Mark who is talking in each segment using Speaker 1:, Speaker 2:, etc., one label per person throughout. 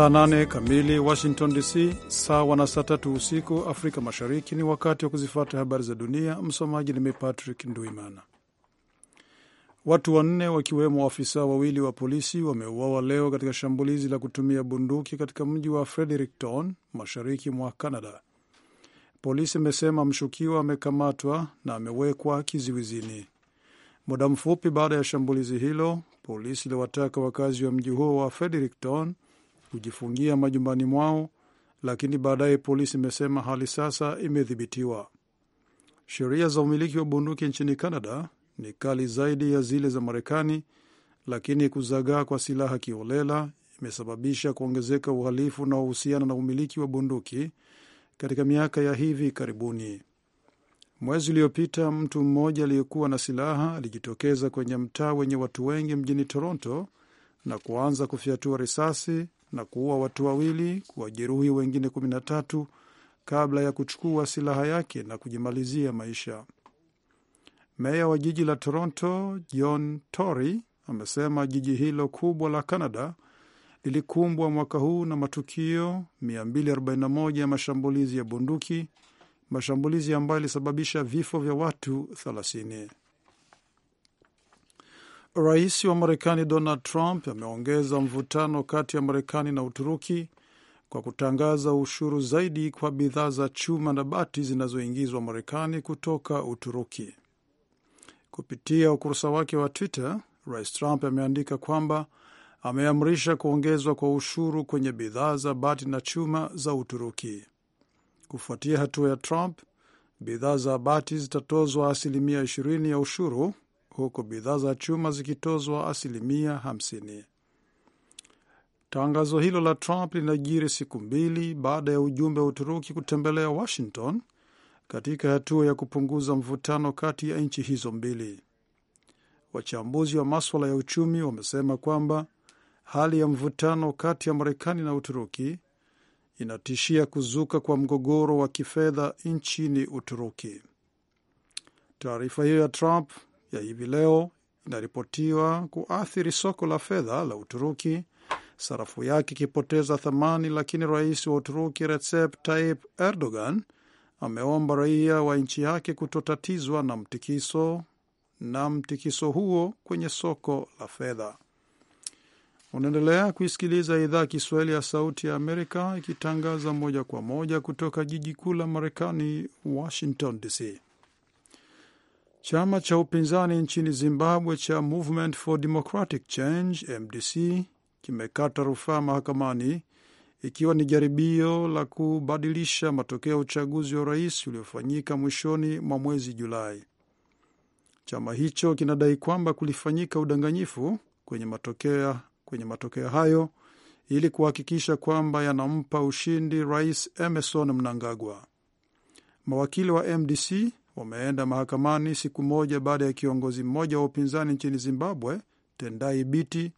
Speaker 1: saa 8 kamili Washington DC, sawa na saa tatu usiku Afrika Mashariki. Ni wakati wa kuzifuata habari za dunia. Msomaji ni mimi Patrick Nduimana. Watu wanne wakiwemo waafisa wawili wa polisi wameuawa leo katika shambulizi la kutumia bunduki katika mji wa Fredericton, mashariki mwa Canada. Polisi imesema mshukiwa amekamatwa na amewekwa kiziwizini. Muda mfupi baada ya shambulizi hilo, polisi iliwataka wakazi wa mji huo wa Fredericton kujifungia majumbani mwao, lakini baadaye polisi imesema hali sasa imedhibitiwa. Sheria za umiliki wa bunduki nchini Canada ni kali zaidi ya zile za Marekani, lakini kuzagaa kwa silaha kiolela imesababisha kuongezeka uhalifu unaohusiana na umiliki wa bunduki katika miaka ya hivi karibuni. Mwezi uliopita mtu mmoja aliyekuwa na silaha alijitokeza kwenye mtaa wenye watu wengi mjini Toronto na kuanza kufyatua risasi na kuua watu wawili, kuwajeruhi wengine 13 kabla ya kuchukua silaha yake na kujimalizia maisha. Meya wa jiji la Toronto John Tory amesema jiji hilo kubwa la Canada lilikumbwa mwaka huu na matukio 241 ya mashambulizi ya bunduki, mashambulizi ambayo yalisababisha vifo vya watu Rais wa Marekani Donald Trump ameongeza mvutano kati ya Marekani na Uturuki kwa kutangaza ushuru zaidi kwa bidhaa za chuma na bati zinazoingizwa Marekani kutoka Uturuki. Kupitia ukurasa wake wa Twitter, Rais Trump ameandika kwamba ameamrisha kuongezwa kwa ushuru kwenye bidhaa za bati na chuma za Uturuki. Kufuatia hatua ya Trump, bidhaa za bati zitatozwa asilimia 20 ya ushuru huku bidhaa za chuma zikitozwa asilimia 50. Tangazo hilo la Trump linajiri siku mbili baada ya ujumbe wa Uturuki kutembelea Washington katika hatua ya kupunguza mvutano kati ya nchi hizo mbili. Wachambuzi wa maswala ya uchumi wamesema kwamba hali ya mvutano kati ya Marekani na Uturuki inatishia kuzuka kwa mgogoro wa kifedha nchini Uturuki. Taarifa hiyo ya Trump ya hivi leo inaripotiwa kuathiri soko la fedha la Uturuki, sarafu yake ikipoteza thamani, lakini rais wa Uturuki Recep Tayyip Erdogan ameomba raia wa nchi yake kutotatizwa na mtikiso na mtikiso huo kwenye soko la fedha. Unaendelea kuisikiliza idhaa Kiswahili ya Sauti ya Amerika ikitangaza moja kwa moja kutoka jiji kuu la Marekani, Washington DC. Chama cha upinzani nchini Zimbabwe cha Movement for Democratic Change MDC kimekata rufaa mahakamani ikiwa ni jaribio la kubadilisha matokeo ya uchaguzi wa rais uliofanyika mwishoni mwa mwezi Julai. Chama hicho kinadai kwamba kulifanyika udanganyifu kwenye matokeo kwenye matokeo hayo ili kuhakikisha kwamba yanampa ushindi Rais Emerson Mnangagwa. Mawakili wa MDC wameenda mahakamani siku moja baada ya kiongozi mmoja wa upinzani nchini Zimbabwe, Tendai Biti,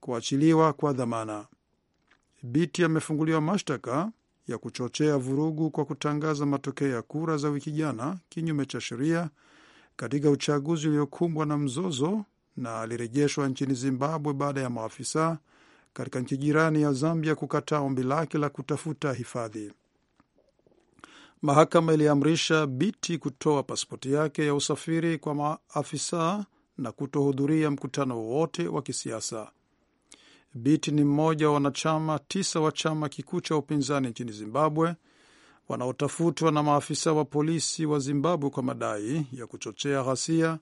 Speaker 1: kuachiliwa kwa dhamana. Biti amefunguliwa mashtaka ya kuchochea vurugu kwa kutangaza matokeo ya kura za wiki jana kinyume cha sheria katika uchaguzi uliokumbwa na mzozo, na alirejeshwa nchini Zimbabwe baada ya maafisa katika nchi jirani ya Zambia kukataa ombi lake la kutafuta hifadhi. Mahakama iliamrisha Biti kutoa pasipoti yake ya usafiri kwa maafisa na kutohudhuria mkutano wowote wa kisiasa. Biti ni mmoja wa wanachama tisa wa chama kikuu cha upinzani nchini Zimbabwe wanaotafutwa na maafisa wa polisi wa Zimbabwe kwa madai ya kuchochea ghasia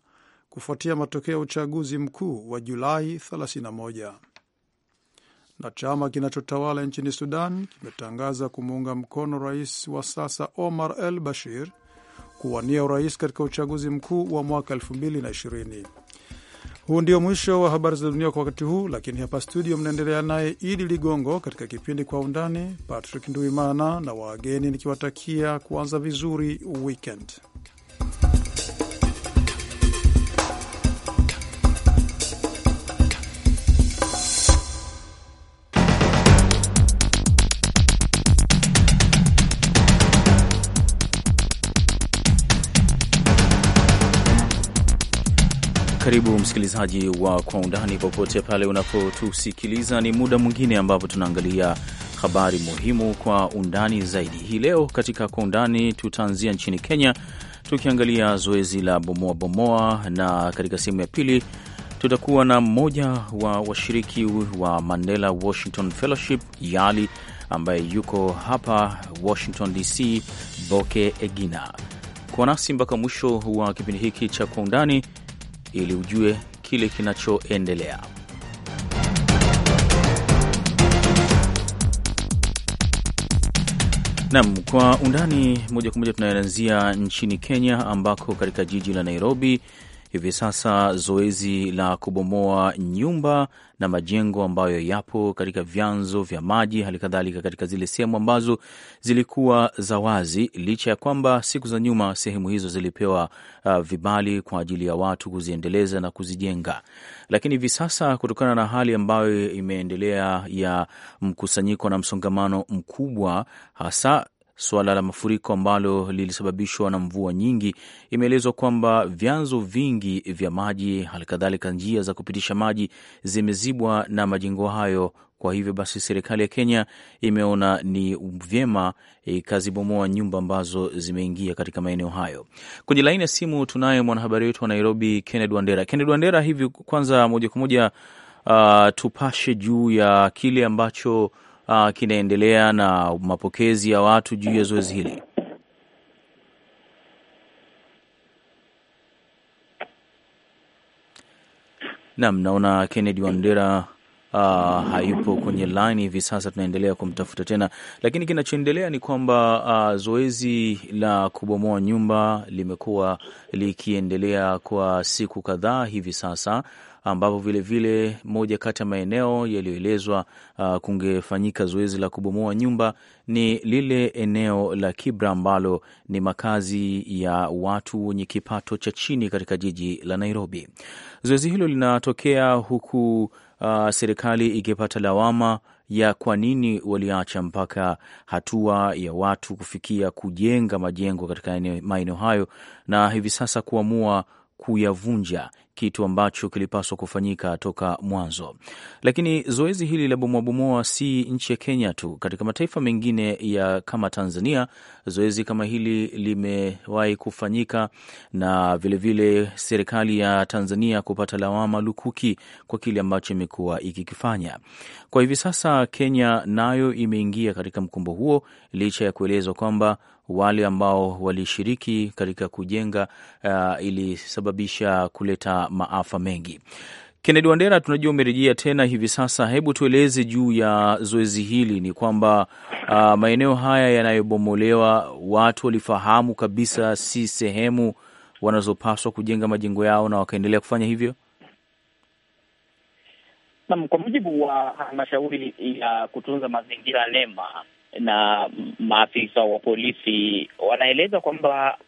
Speaker 1: kufuatia matokeo ya uchaguzi mkuu wa Julai 31 na chama kinachotawala nchini Sudan kimetangaza kumuunga mkono rais wa sasa Omar el Bashir kuwania urais katika uchaguzi mkuu wa mwaka 2020. Huu ndio mwisho wa habari za dunia kwa wakati huu, lakini hapa studio mnaendelea naye Idi Ligongo katika kipindi Kwa Undani. Patrick Nduimana na wageni nikiwatakia kuanza vizuri weekend.
Speaker 2: Karibu msikilizaji wa Kwa Undani popote pale unapotusikiliza. Ni muda mwingine ambapo tunaangalia habari muhimu kwa undani zaidi. Hii leo katika Kwa Undani tutaanzia nchini Kenya, tukiangalia zoezi la bomoa bomoa, na katika sehemu ya pili tutakuwa na mmoja wa washiriki wa Mandela Washington Fellowship YALI ambaye yuko hapa Washington DC, Boke Egina. Kuwa nasi mpaka mwisho wa kipindi hiki cha Kwa Undani ili ujue kile kinachoendelea. Nam kwa undani moja kwa moja tunaanzia nchini Kenya ambako katika jiji la Nairobi hivi sasa zoezi la kubomoa nyumba na majengo ambayo yapo katika vyanzo vya maji, hali kadhalika katika zile sehemu ambazo zilikuwa za wazi, licha ya kwamba siku za nyuma sehemu hizo zilipewa uh, vibali kwa ajili ya watu kuziendeleza na kuzijenga, lakini hivi sasa kutokana na hali ambayo imeendelea ya mkusanyiko na msongamano mkubwa hasa Suala la mafuriko ambalo lilisababishwa na mvua nyingi, imeelezwa kwamba vyanzo vingi vya maji, halikadhalika njia za kupitisha maji zimezibwa na majengo hayo. Kwa hivyo basi, serikali ya Kenya imeona ni vyema ikazibomoa nyumba ambazo zimeingia katika maeneo hayo. Kwenye laini ya simu tunaye mwanahabari wetu wa Nairobi, Kennedy Wandera. Kennedy Wandera, hivi kwanza, moja kwa moja, uh, tupashe juu ya kile ambacho uh, kinaendelea na mapokezi ya watu juu ya zoezi hili? nam naona Kennedy Wandera uh, hayupo kwenye laini hivi sasa, tunaendelea kumtafuta tena, lakini kinachoendelea ni kwamba uh, zoezi la kubomoa nyumba limekuwa likiendelea kwa siku kadhaa hivi sasa ambapo vilevile moja kati ya maeneo yaliyoelezwa uh, kungefanyika zoezi la kubomoa nyumba ni lile eneo la Kibra ambalo ni makazi ya watu wenye kipato cha chini katika jiji la Nairobi. Zoezi hilo linatokea huku uh, serikali ikipata lawama ya kwa nini waliacha mpaka hatua ya watu kufikia kujenga majengo katika maeneo hayo na hivi sasa kuamua kuyavunja, kitu ambacho kilipaswa kufanyika toka mwanzo. Lakini zoezi hili la bomoabomoa si nchi ya Kenya tu, katika mataifa mengine ya kama Tanzania zoezi kama hili limewahi kufanyika, na vilevile serikali ya Tanzania kupata lawama lukuki kwa kile ambacho imekuwa ikikifanya. Kwa hivi sasa Kenya nayo imeingia katika mkumbo huo, licha ya kuelezwa kwamba wale ambao walishiriki katika kujenga uh, ilisababisha kuleta maafa mengi. Kennedy Wandera, tunajua umerejea tena hivi sasa, hebu tueleze juu ya zoezi hili. Ni kwamba uh, maeneo haya yanayobomolewa watu walifahamu kabisa si sehemu wanazopaswa kujenga majengo yao na wakaendelea kufanya hivyo.
Speaker 3: Naam, kwa mujibu wa halmashauri ya kutunza mazingira NEMA na maafisa wa polisi wanaeleza kwamba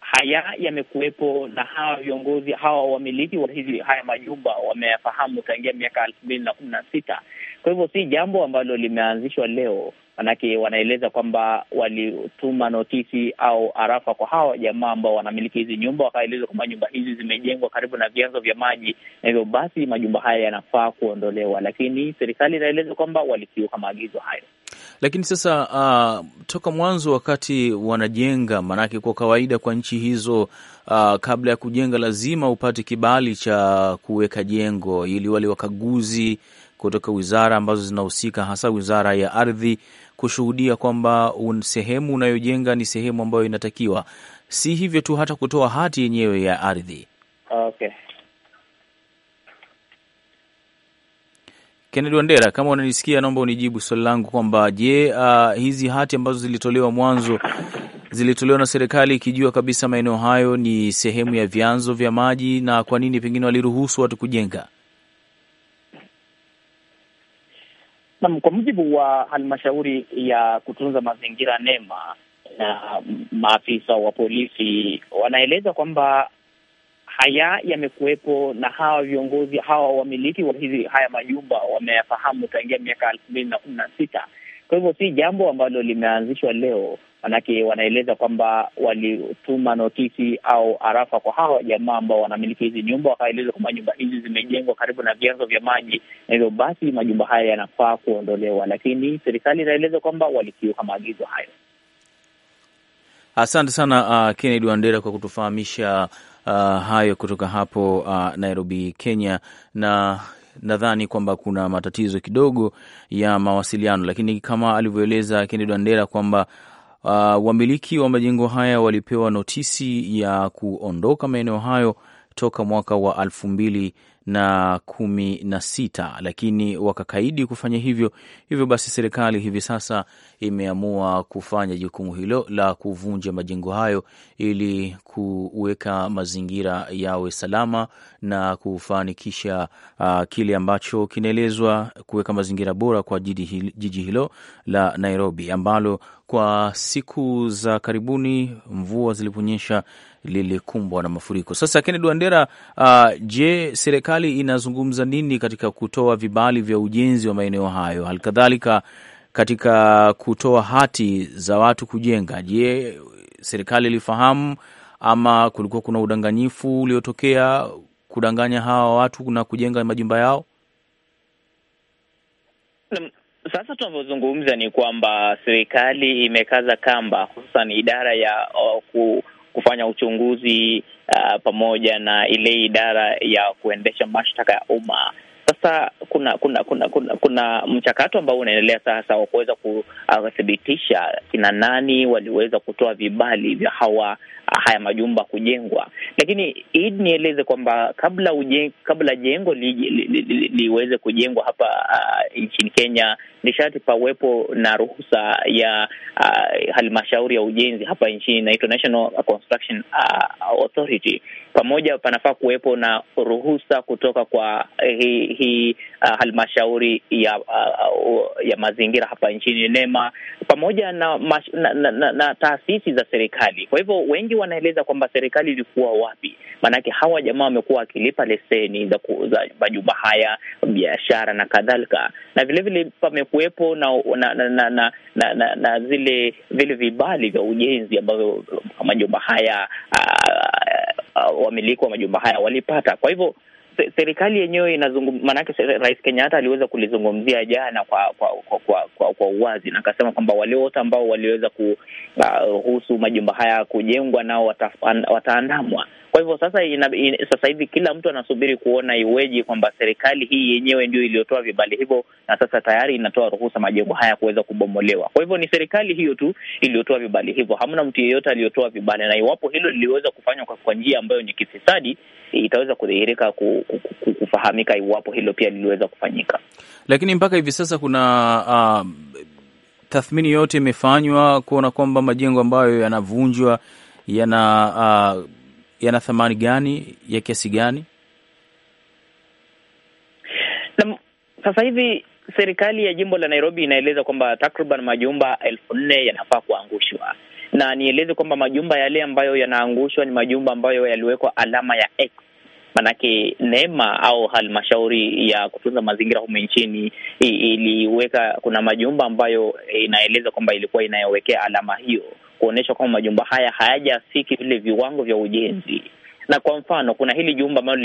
Speaker 3: haya yamekuwepo na hawa viongozi hawa wamiliki wa hizi haya majumba wameyafahamu tangia miaka elfu mbili na kumi na sita. Kwa hivyo si jambo ambalo limeanzishwa leo, manake wanaeleza kwamba walituma notisi au arafa kwa hawa jamaa ambao wanamiliki hizi nyumba, wakaeleza kwamba nyumba hizi zimejengwa karibu na vyanzo vya maji, na hivyo basi majumba haya yanafaa kuondolewa, lakini serikali inaeleza kwamba walikiuka maagizo hayo.
Speaker 2: Lakini sasa uh, toka mwanzo wakati wanajenga, maanake kwa kawaida kwa nchi hizo uh, kabla ya kujenga lazima upate kibali cha kuweka jengo, ili wale wakaguzi kutoka wizara ambazo zinahusika, hasa wizara ya ardhi, kushuhudia kwamba sehemu unayojenga ni sehemu ambayo inatakiwa. Si hivyo tu, hata kutoa hati yenyewe ya ardhi. Okay. Kennedy Wandera, kama unanisikia, naomba unijibu swali langu kwamba je, uh, hizi hati ambazo zilitolewa mwanzo zilitolewa na serikali ikijua kabisa maeneo hayo ni sehemu ya vyanzo vya maji, na kwa nini pengine waliruhusu watu kujenga?
Speaker 3: Naam, kwa mujibu wa halmashauri ya kutunza mazingira NEMA na maafisa wa polisi wanaeleza kwamba haya yamekuwepo na hawa viongozi hawa wamiliki wa hizi haya majumba wameyafahamu tangia miaka elfu mbili na kumi na sita. Kwa hivyo si jambo ambalo limeanzishwa leo, manake wanaeleza kwamba walituma notisi au arafa kwa hawa jamaa ambao wanamiliki hizi nyumba, wakaeleza kwamba nyumba hizi zimejengwa karibu na vyanzo vya maji, na hivyo basi majumba haya yanafaa kuondolewa, lakini serikali inaeleza kwamba walikiuka maagizo hayo.
Speaker 2: Asante sana uh, Kennedy Wandera kwa kutufahamisha Ah, hayo kutoka hapo uh, Nairobi, Kenya na nadhani kwamba kuna matatizo kidogo ya mawasiliano, lakini kama alivyoeleza Kennedy Wandera kwamba uh, wamiliki wa majengo haya walipewa notisi ya kuondoka maeneo hayo toka mwaka wa elfu mbili na kumi na sita, lakini wakakaidi kufanya hivyo. Hivyo basi serikali hivi sasa imeamua kufanya jukumu hilo la kuvunja majengo hayo ili kuweka mazingira yawe salama na kufanikisha uh, kile ambacho kinaelezwa kuweka mazingira bora kwa jiji hilo la Nairobi ambalo kwa siku za karibuni mvua ziliponyesha lilikumbwa na mafuriko. Sasa Kennedy Wandera, uh, je, serikali inazungumza nini katika kutoa vibali vya ujenzi wa maeneo hayo, halikadhalika katika kutoa hati za watu kujenga? Je, serikali ilifahamu ama kulikuwa kuna udanganyifu uliotokea kudanganya hawa watu na kujenga majumba yao?
Speaker 3: Um, sasa tunavyozungumza ni kwamba serikali imekaza kamba, hususan idara ya uh, ku, kufanya uchunguzi uh, pamoja na ile idara ya kuendesha mashtaka ya umma. Sasa kuna kuna kuna kuna, kuna mchakato ambao unaendelea sasa wa kuweza kuthibitisha kina nani waliweza kutoa vibali vya hawa Ah, haya majumba kujengwa. Lakini id nieleze kwamba kabla uje, kabla jengo liweze li, li, li, li kujengwa hapa uh, nchini Kenya ni sharti pawepo na ruhusa ya uh, halmashauri ya ujenzi hapa nchini inaitwa National Construction uh, Authority. Pamoja panafaa kuwepo na ruhusa kutoka kwa hii eh, hi, uh, halmashauri ya uh, ya mazingira hapa nchini NEMA pamoja na, na, na, na, na taasisi za serikali. Kwa hivyo wengi wanaeleza kwamba serikali ilikuwa wapi, maanake hawa jamaa wamekuwa wakilipa leseni za kuuza majumba haya, biashara na kadhalika, na vilevile pamekuwepo na na na, na, na, na, na na zile vile vibali vya ujenzi ambavyo majumba haya wamiliki wa majumba haya walipata. Kwa hivyo serikali yenyewe inazungumza, maanake Rais Kenyatta aliweza kulizungumzia jana kwa kwa kwa, kwa, kwa, kwa uwazi na akasema kwamba wale wote ambao waliweza kuruhusu uh, majumba haya kujengwa nao wataandamwa kwa hivyo sasa ina, ina, sasa hivi kila mtu anasubiri kuona iweje kwamba serikali hii yenyewe ndio iliyotoa vibali hivyo, na sasa tayari inatoa ruhusa majengo haya kuweza kubomolewa. Kwa hivyo ni serikali hiyo tu iliyotoa vibali hivyo, hamna mtu yeyote aliyotoa vibali, na iwapo hilo liliweza kufanywa kwa njia ambayo ni kifisadi, itaweza kudhihirika kufahamika iwapo hilo pia liliweza kufanyika.
Speaker 2: Lakini mpaka hivi sasa kuna uh, tathmini yote imefanywa kuona kwamba majengo ambayo yanavunjwa yana uh, yana thamani gani ya kiasi gani?
Speaker 3: Sasa hivi serikali ya jimbo la Nairobi inaeleza kwamba takriban majumba elfu nne yanafaa kuangushwa, na nieleze kwamba majumba yale ambayo yanaangushwa ni majumba ambayo yaliwekwa alama ya X. Manake NEMA au halmashauri ya kutunza mazingira humu nchini iliweka, kuna majumba ambayo inaeleza kwamba ilikuwa inayowekea alama hiyo kuonyesha kwamba majumba haya hayajafiki vile viwango vya ujenzi. Na kwa mfano, kuna hili jumba ambalo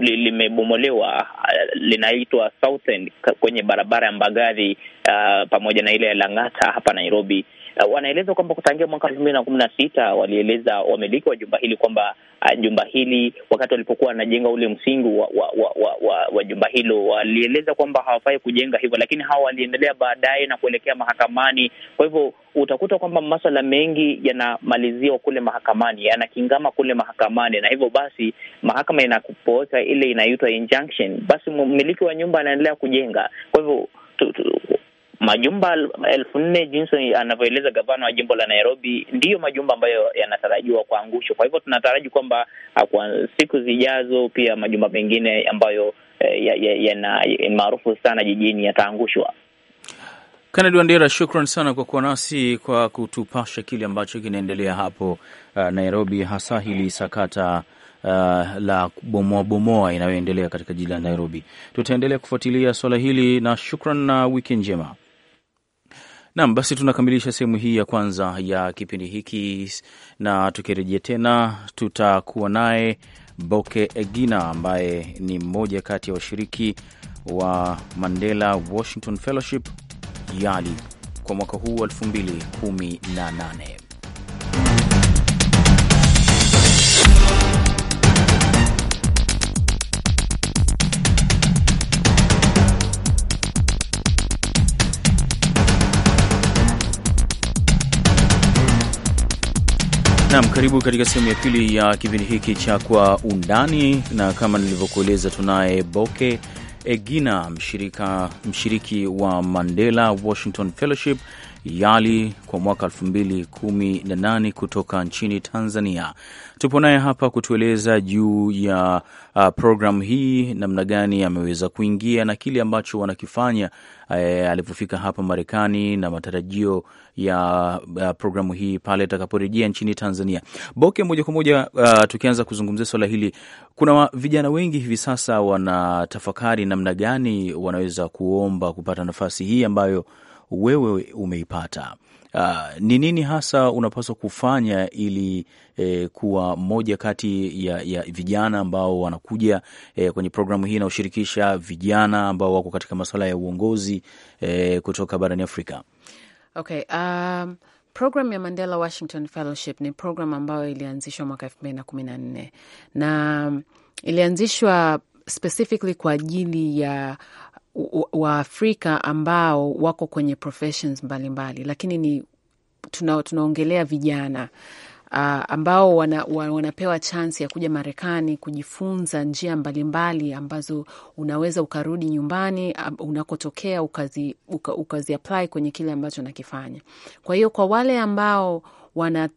Speaker 3: limebomolewa uh, linaitwa Southend kwenye barabara ya Mbagathi, uh, pamoja na ile ya Lang'ata hapa Nairobi Eh, wanaeleza kwamba kutangia mwaka elfu mbili na kumi na sita walieleza wamiliki wa jumba hili kwamba eh, jumba hili wakati walipokuwa wanajenga ule msingi wa wa, wa, wa, wa, wa jumba hilo walieleza kwamba hawafai kujenga hivyo, lakini hawa waliendelea baadaye na kuelekea mahakamani. Kwa hivyo utakuta kwamba maswala mengi yanamaliziwa kule mahakamani, yanakingama kule mahakamani, na hivyo basi mahakama inapoweka ile inaitwa injunction, basi mmiliki wa nyumba anaendelea kujenga. Kwa hivyo majumba elfu nne jinsi anavyoeleza gavana wa jimbo la Nairobi, ndiyo majumba ambayo yanatarajiwa kuangushwa. Kwa hivyo tunataraji kwamba ah, kwa siku zijazo pia majumba mengine ambayo yana eh, ya, ya maarufu sana jijini yataangushwa.
Speaker 2: Kennedy Wandera, shukran sana kwa kuwa nasi kwa kutupasha kile ambacho kinaendelea hapo uh, Nairobi, hasa hili sakata uh, la bomoa bomoa inayoendelea katika jiji la Nairobi. Tutaendelea kufuatilia swala hili na shukran na wiki njema. Naam, basi tunakamilisha sehemu hii ya kwanza ya kipindi hiki, na tukirejea tena tutakuwa naye Boke Egina ambaye ni mmoja kati ya washiriki wa Mandela Washington Fellowship YALI kwa mwaka huu 2018. Nam, karibu katika sehemu ya pili ya kipindi hiki cha Kwa Undani, na kama nilivyokueleza, tunaye Boke Egina, mshirika, mshiriki wa Mandela Washington Fellowship YALI kwa mwaka 2018 kutoka nchini Tanzania. Tupo naye hapa kutueleza juu ya uh, programu hii, namna gani ameweza kuingia na kile ambacho wanakifanya uh, alipofika hapa Marekani na matarajio ya uh, programu hii pale atakaporejea nchini Tanzania. Boke, moja kwa moja uh, tukianza kuzungumzia swala hili, kuna vijana wengi hivi sasa wanatafakari namna gani wanaweza kuomba kupata nafasi hii ambayo wewe umeipata. Ah, ni nini hasa unapaswa kufanya ili eh, kuwa moja kati ya, ya vijana ambao wanakuja eh, kwenye programu hii inaoshirikisha vijana ambao wako katika masuala ya uongozi eh, kutoka barani Afrika?
Speaker 4: Okay, um... Programu ya Mandela Washington Fellowship ni programu ambayo ilianzishwa mwaka elfu mbili na kumi na nne na um, ilianzishwa specifically kwa ajili ya Waafrika ambao wako kwenye professions mbalimbali mbali, lakini ni tuna, tunaongelea vijana uh, ambao wana, wanapewa chansi ya kuja Marekani kujifunza njia mbalimbali mbali, ambazo unaweza ukarudi nyumbani unakotokea ukazi, uka, ukazi apply kwenye kile ambacho nakifanya. Kwa hiyo kwa wale ambao wana,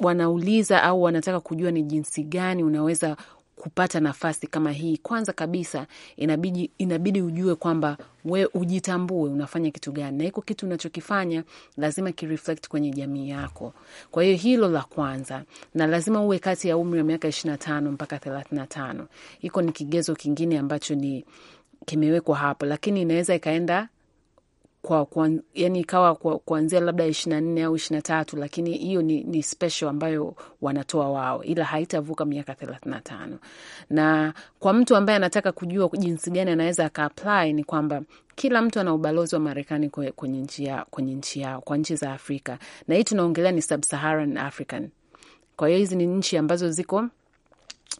Speaker 4: wanauliza au wanataka kujua ni jinsi gani unaweza kupata nafasi kama hii, kwanza kabisa inabidi, inabidi ujue kwamba we ujitambue unafanya kitu gani, na hiko kitu unachokifanya lazima kireflect kwenye jamii yako. Kwa hiyo hilo la kwanza, na lazima uwe kati ya umri wa miaka ishirini na tano mpaka thelathini na tano. Hiko ni kigezo kingine ambacho ni kimewekwa hapo, lakini inaweza ikaenda kwa, kwa, yani ikawa kuanzia labda ishirini na nne au ishirini na tatu lakini hiyo ni, ni special ambayo wanatoa wao, ila haitavuka miaka thelathini na tano. Na kwa mtu ambaye anataka kujua jinsi gani anaweza akaapply ni kwamba kila mtu ana ubalozi wa Marekani kwenye nchi yao, kwenye nchi yao kwa nchi za Afrika, na hii tunaongelea ni Sub-Saharan African. Kwa hiyo hizi ni nchi ambazo ziko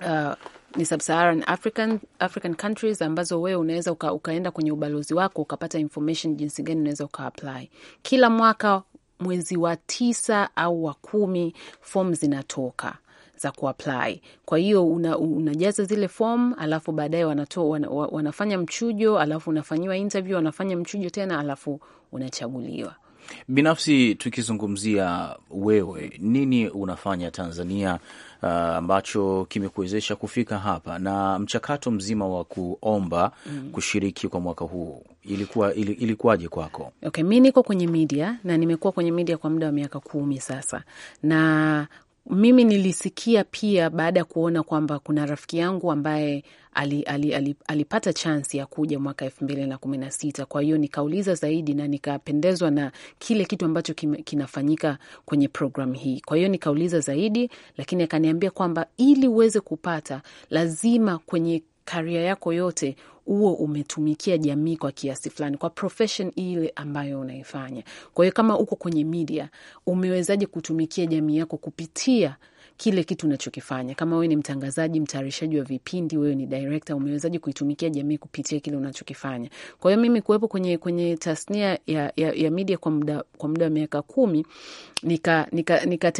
Speaker 4: uh, ni Sub-Saharan African, African countries ambazo wewe unaweza uka, ukaenda kwenye ubalozi wako ukapata information jinsi gani unaweza ukaapply. Kila mwaka mwezi wa tisa au wa kumi fomu zinatoka za kuapply. Kwa hiyo una, unajaza zile fom alafu baadaye wanatoa wana, wanafanya mchujo alafu unafanyiwa interview, wanafanya mchujo tena alafu unachaguliwa.
Speaker 2: Binafsi tukizungumzia wewe, nini unafanya Tanzania uh, ambacho kimekuwezesha kufika hapa na mchakato mzima wa kuomba mm. kushiriki kwa mwaka huu ilikuwa ilikuwaje kwako?
Speaker 4: Okay, mi niko kwenye media na nimekuwa kwenye media kwa muda wa miaka kumi sasa na mimi nilisikia pia baada ya kuona kwamba kuna rafiki yangu ambaye ali, ali, ali, alipata chansi ya kuja mwaka elfu mbili na kumi na sita. Kwa hiyo nikauliza zaidi na nikapendezwa na kile kitu ambacho kinafanyika kwenye programu hii. Kwa hiyo nikauliza zaidi, lakini akaniambia kwamba ili uweze kupata lazima kwenye karia yako yote huo umetumikia jamii kwa kiasi fulani, kwa profession ile ambayo unaifanya. Kwa hiyo kama uko kwenye media, umewezaje kutumikia jamii yako kupitia kile kitu unachokifanya. Kama wewe ni mtangazaji, mtayarishaji wa vipindi, wewe ni director, umewezaje kuitumikia jamii kupitia kile unachokifanya? Kwa hiyo mimi kuwepo kwenye, kwenye tasnia ya, ya, ya media kwa muda kwa muda wa miaka kumi nikatengeneza nika,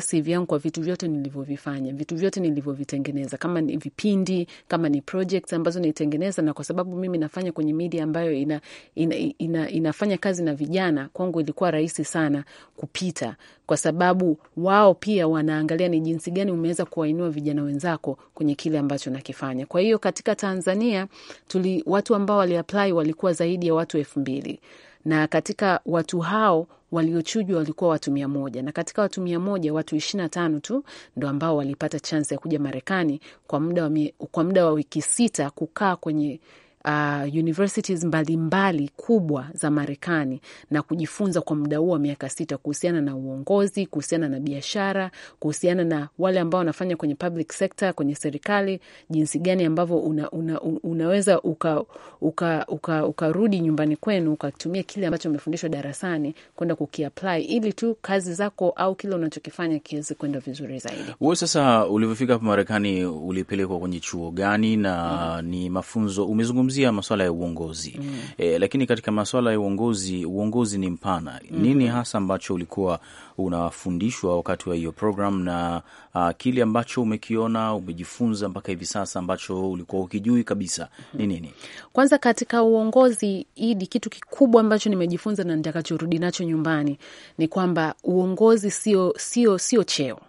Speaker 4: nika CV yangu kwa vitu vyote nilivyovifanya, vitu vyote nilivyovitengeneza, kama ni vipindi, kama ni projects ambazo nitengeneza, na kwa sababu mimi nafanya kwenye media ambayo ina, ina, ina, ina, inafanya kazi na vijana, kwangu ilikuwa rahisi sana kupita kwa sababu wao pia wanaangalia ni jinsi gani umeweza kuwainua vijana wenzako kwenye kile ambacho nakifanya. Kwa hiyo katika Tanzania tuli, watu ambao waliapply walikuwa zaidi ya watu elfu mbili na katika watu hao waliochujwa walikuwa watu mia moja na katika watu mia moja watu ishirini na tano tu ndo ambao walipata chansi ya kuja Marekani kwa muda wa, kwa muda wa wiki sita kukaa kwenye uh, universities mbalimbali mbali kubwa za Marekani na kujifunza kwa muda huo wa miaka sita kuhusiana na uongozi, kuhusiana na biashara, kuhusiana na wale ambao wanafanya kwenye public sector, kwenye serikali, jinsi gani ambavyo una, una, unaweza ukarudi uka, uka, uka nyumbani kwenu ukatumia kile ambacho umefundishwa darasani kwenda kukiapply ili tu kazi zako au kile unachokifanya kiweze kwenda vizuri zaidi.
Speaker 2: Wewe sasa ulivyofika hapa Marekani ulipelekwa kwenye chuo gani na mm -hmm. ni mafunzo umezungumza tunazungumzia maswala ya uongozi mm. E, lakini katika maswala ya uongozi, uongozi ni mpana mm. Nini hasa ambacho ulikuwa unafundishwa wakati wa hiyo program na uh, kile ambacho umekiona umejifunza mpaka hivi sasa ambacho ulikuwa ukijui kabisa mm-hmm. ni nini?
Speaker 4: Kwanza katika uongozi idi, kitu kikubwa ambacho nimejifunza na nitakachorudi nacho nyumbani ni kwamba uongozi sio sio sio cheo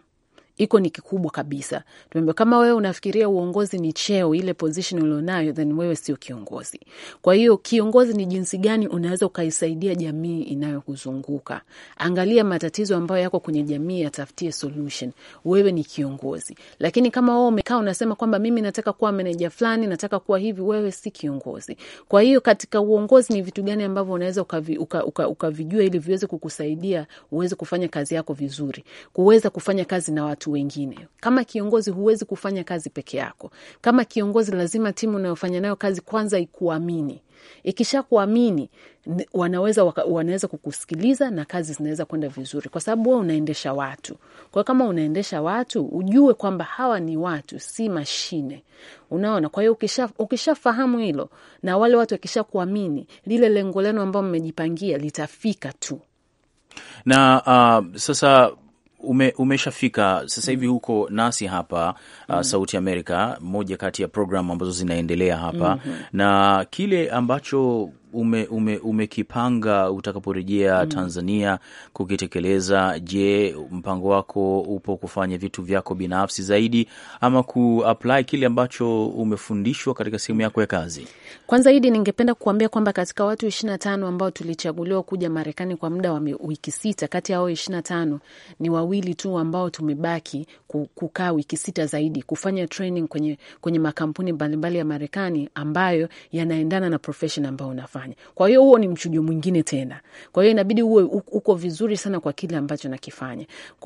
Speaker 4: iko ni kikubwa kabisa. Tumeambia kama wewe unafikiria uongozi ni cheo, ile position ulionayo, then wewe sio kiongozi. Kwa hiyo kiongozi ni jinsi gani unaweza ukaisaidia jamii inayokuzunguka. Angalia matatizo ambayo yako kwenye jamii, yatafutie solution. Wewe ni kiongozi, lakini kama wewe umekaa unasema kwamba mimi nataka kuwa meneja fulani, nataka kuwa hivi, wewe si kiongozi. Kwa hiyo katika uongozi ni vitu gani ambavyo unaweza ukavijua uka, uka, uka ili viweze kukusaidia uweze kufanya kazi yako vizuri, kuweza kufanya kazi na watu wengine. Kama kiongozi, huwezi kufanya kazi peke yako. Kama kiongozi, lazima timu unayofanya nayo kazi kwanza ikuamini. Ikisha kuamini, wanaweza, waka, wanaweza kukusikiliza na kazi zinaweza kwenda vizuri, kwa sababu wewe unaendesha watu. Kwa hiyo kama unaendesha watu, ujue kwamba hawa ni watu, si mashine. Unaona, kwa hiyo ukishafahamu ukisha hilo na wale watu wakisha kuamini, lile lengo lenu ambao mmejipangia litafika tu
Speaker 2: na uh, sasa ume, umeshafika sasa hivi mm. huko nasi hapa uh, mm uh, Sauti Amerika, moja kati ya programu ambazo zinaendelea hapa mm -hmm. na kile ambacho umekipanga ume, ume utakaporejea mm. Tanzania kukitekeleza, je, mpango wako upo kufanya vitu vyako binafsi zaidi ama kuapply kile ambacho umefundishwa katika sehemu yako ya kazi?
Speaker 4: Kwanza hidi, ningependa kukuambia kwamba katika watu ishirini na tano ambao tulichaguliwa kuja Marekani kwa muda wa wiki sita, kati ya hao ishirini na tano ni wawili tu ambao tumebaki kukaa wiki sita zaidi kufanya training kwenye, kwenye makampuni mbalimbali ya Marekani ambayo yanaendana na profession ambayo unafanya. Kwa hiyo huo ni mchujo mwingine tena. Kwa hiyo inabidi uwe uko vizuri sana kwa kile ambacho nakifanya.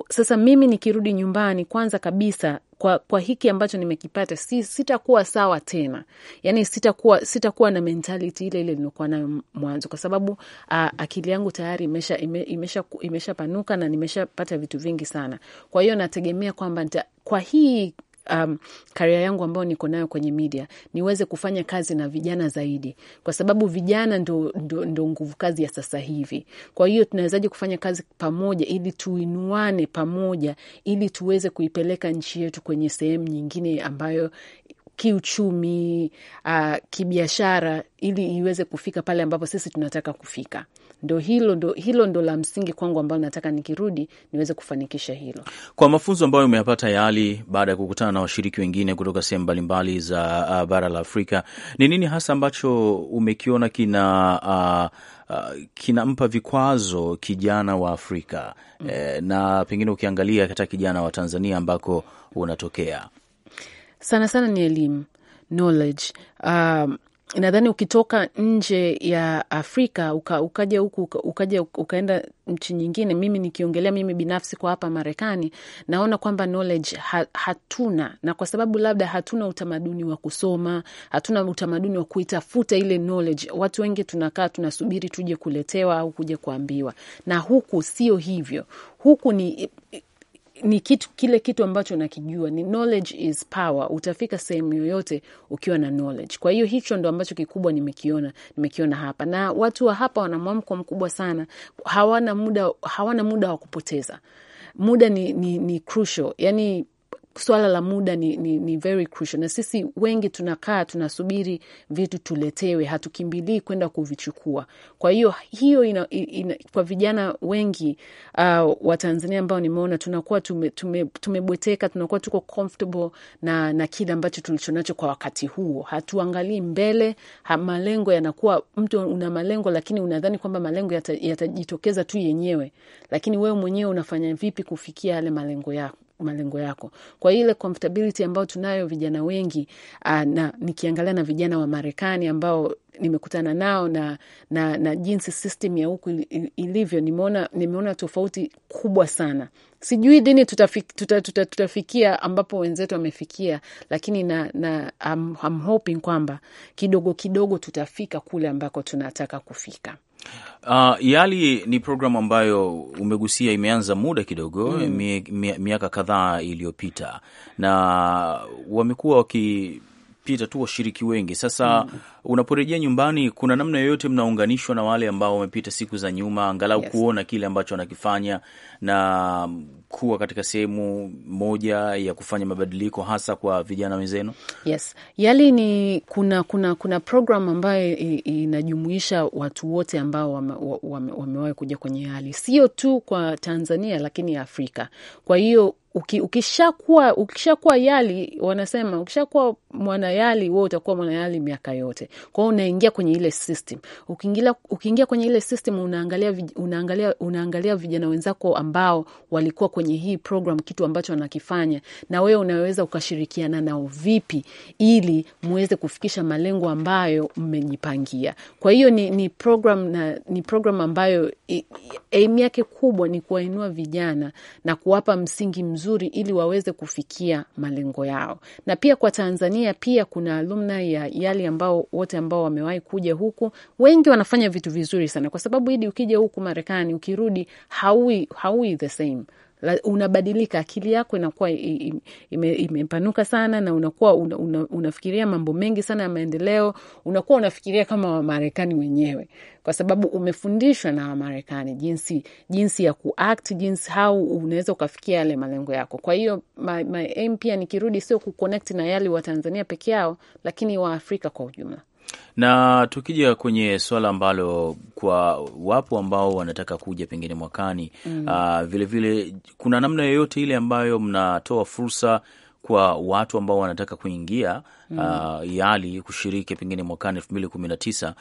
Speaker 4: Sasa mimi nikirudi nyumbani, kwanza kabisa kwa, kwa hiki ambacho nimekipata si, sitakuwa sawa tena, yani sitakuwa sitakuwa na mentality ile ile nilikuwa nayo mwanzo, kwa sababu a, akili yangu tayari imesha imesha panuka na nimeshapata vitu vingi sana. Kwa hiyo nategemea kwamba kwa hii um, karia yangu ambayo niko nayo kwenye media niweze kufanya kazi na vijana zaidi, kwa sababu vijana ndo, ndo, ndo nguvu kazi ya sasa hivi. Kwa hiyo tunawezaje kufanya kazi pamoja ili tuinuane pamoja ili tuweze kuipeleka nchi yetu kwenye sehemu nyingine ambayo kiuchumi, uh, kibiashara ili iweze kufika pale ambapo sisi tunataka kufika ndo hilo, ndo hilo ndo la msingi kwangu ambalo nataka nikirudi niweze kufanikisha hilo.
Speaker 2: Kwa mafunzo ambayo umeyapata yali baada ya kukutana na washiriki wengine kutoka sehemu mbalimbali za uh, bara la Afrika, ni nini hasa ambacho umekiona kina uh, Uh, kinampa vikwazo kijana wa Afrika mm. Eh, na pengine ukiangalia hata kijana wa Tanzania ambako unatokea,
Speaker 4: sana sana ni elimu knowledge um, nadhani ukitoka nje ya Afrika uka, ukaja huku uka, ukaja ukaenda nchi nyingine, mimi nikiongelea mimi binafsi kwa hapa Marekani, naona kwamba knowledge ha, hatuna, na kwa sababu labda hatuna utamaduni wa kusoma, hatuna utamaduni wa kuitafuta ile knowledge. Watu wengi tunakaa tunasubiri tuje kuletewa au kuja kuambiwa, na huku sio hivyo. Huku ni ni kitu, kile kitu ambacho nakijua ni knowledge is power. Utafika sehemu yoyote ukiwa na knowledge. Kwa hiyo hicho ndo ambacho kikubwa nimekiona, nimekiona hapa, na watu wa hapa wana mwamko mkubwa sana, hawana muda, hawana muda wa kupoteza. Muda ni, ni, ni crucial yani swala la muda ni, ni, ni very crucial, na sisi wengi tunakaa tunasubiri vitu tuletewe, hatukimbilii kwenda kuvichukua. Kwa hiyo hiyo ina, ina, kwa vijana wengi uh, wa Tanzania ambao nimeona tunakuwa tumebweteka tume, tume tunakuwa tuko comfortable na, na kile ambacho tulichonacho kwa wakati huo, hatuangalii mbele ha, malengo yanakuwa, mtu una malengo lakini unadhani kwamba malengo yatajitokeza yata tu yenyewe, lakini wewe mwenyewe unafanya vipi kufikia yale malengo yako malengo yako. Kwa ile comfortability ambayo tunayo vijana wengi aa, ah, na nikiangalia na vijana wa Marekani ambao nimekutana nao na, na, na jinsi system ya huku ilivyo, nimeona nimeona tofauti kubwa sana. Sijui dini tutafikia tuta, tuta, tutafikia ambapo wenzetu wamefikia, lakini na, na I'm, I'm hoping kwamba kidogo kidogo tutafika kule ambako tunataka kufika.
Speaker 2: Uh, YALI ni programu ambayo umegusia, imeanza muda kidogo mm, miaka kadhaa iliyopita, na wamekuwa wakipita tu washiriki wengi sasa mm unaporejea nyumbani, kuna namna yoyote mnaunganishwa na wale ambao wamepita siku za nyuma, angalau yes, kuona kile ambacho anakifanya na kuwa katika sehemu moja ya kufanya mabadiliko hasa kwa vijana wenzenu?
Speaker 4: Yes, yali ni kuna kuna kuna program ambayo inajumuisha watu wote ambao wamewahi wame, wame kuja kwenye hali sio tu kwa Tanzania lakini Afrika. Kwa hiyo ukishakuwa ukishakuwa yali wanasema ukishakuwa mwanayali, wewe utakuwa mwanayali miaka yote. Kwa hiyo unaingia kwenye ile system. Ukiingia ukiingia kwenye ile system unaangalia unaangalia unaangalia vijana wenzako ambao walikuwa kwenye hii program, kitu ambacho wanakifanya, na wewe unaweza ukashirikiana nao vipi ili muweze kufikisha malengo ambayo mmejipangia. Kwa hiyo ni, ni program na ni program ambayo aim yake kubwa ni kuwainua vijana na kuwapa msingi mzuri ili waweze kufikia malengo yao. Na pia kwa Tanzania pia kuna alumni ya yale ambao wote ambao wamewahi kuja huku, wengi wanafanya vitu vizuri sana, kwa sababu hidi ukija huku Marekani ukirudi haui, haui the same la, unabadilika, akili yako inakuwa imepanuka ime sana, na unakuwa una, una, unafikiria mambo mengi sana ya maendeleo. Unakuwa unafikiria kama Wamarekani wenyewe, kwa sababu umefundishwa na Wamarekani jinsi, jinsi ya kuact, jinsi hau unaweza ukafikia yale malengo yako. Kwa hiyo my, my aim pia nikirudi sio kuconnect na yale Watanzania peke yao, lakini Waafrika kwa ujumla.
Speaker 2: Na tukija kwenye swala ambalo kwa wapo ambao wanataka kuja pengine mwakani mm. Ah, vile, vilevile kuna namna yoyote ile ambayo mnatoa fursa kwa watu ambao wanataka kuingia mm. uh, YALI kushiriki pengine mwakani elfu mbili kumi na tisa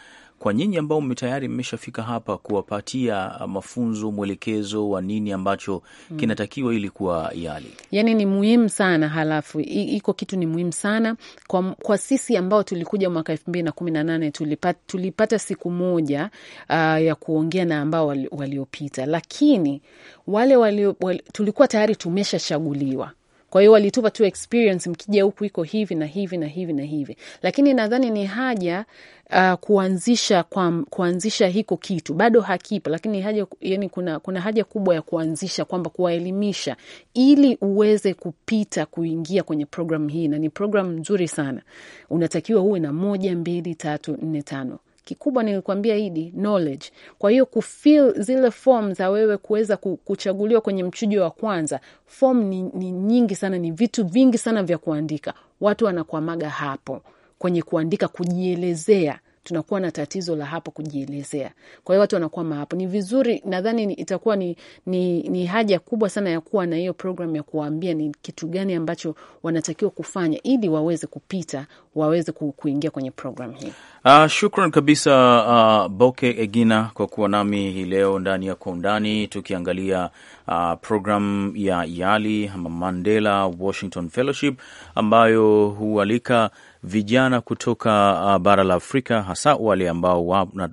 Speaker 2: kwa nyinyi ambao tayari mmeshafika hapa, kuwapatia uh, mafunzo, mwelekezo wa nini ambacho mm. kinatakiwa ili kuwa YALI,
Speaker 4: yani ni muhimu sana. Halafu iko kitu ni muhimu sana kwa, kwa sisi ambao tulikuja mwaka elfu mbili na kumi na nane tulipata, tulipata siku moja uh, ya kuongea na ambao waliopita wali, lakini wale wali, wali, tulikuwa tayari tumeshachaguliwa kwa hiyo walitupa tu experience, mkija huku iko hivi na hivi na hivi na hivi, lakini nadhani ni haja uh, kuanzisha kwa, kuanzisha hiko kitu bado hakipo, lakini haja, yani kuna, kuna haja kubwa ya kuanzisha kwamba kuwaelimisha ili uweze kupita kuingia kwenye programu hii, na ni programu nzuri sana. Unatakiwa uwe na moja, mbili, tatu, nne, tano kikubwa nilikuambia hidi knowledge. Kwa hiyo kufill zile form za wewe kuweza kuchaguliwa kwenye mchujo wa kwanza, form ni, ni nyingi sana, ni vitu vingi sana vya kuandika. Watu wanakwamaga hapo kwenye kuandika, kujielezea tunakuwa na tatizo la hapo kujielezea. Kwa hiyo watu wanakwama hapo. Ni vizuri, nadhani itakuwa ni, ni, ni haja kubwa sana ya kuwa na hiyo program ya kuwaambia ni kitu gani ambacho wanatakiwa kufanya ili waweze kupita, waweze kuingia kwenye program hii.
Speaker 2: Uh, shukran kabisa uh, Boke Egina kwa kuwa nami hii leo ndani ya Kwa Undani tukiangalia uh, program ya YALI ama Mandela Washington Fellowship ambayo hualika vijana kutoka uh, bara la Afrika, hasa wale ambao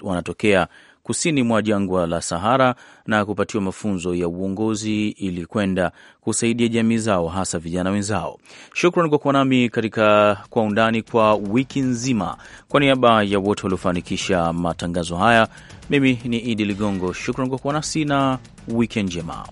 Speaker 2: wanatokea kusini mwa jangwa la Sahara na kupatiwa mafunzo ya uongozi ili kwenda kusaidia jamii zao, hasa vijana wenzao. Shukran kwa kuwa nami katika Kwa Undani kwa wiki nzima. Kwa niaba ya wote waliofanikisha matangazo haya, mimi ni Idi Ligongo. Shukran kwa kuwa nasi na wiki njema.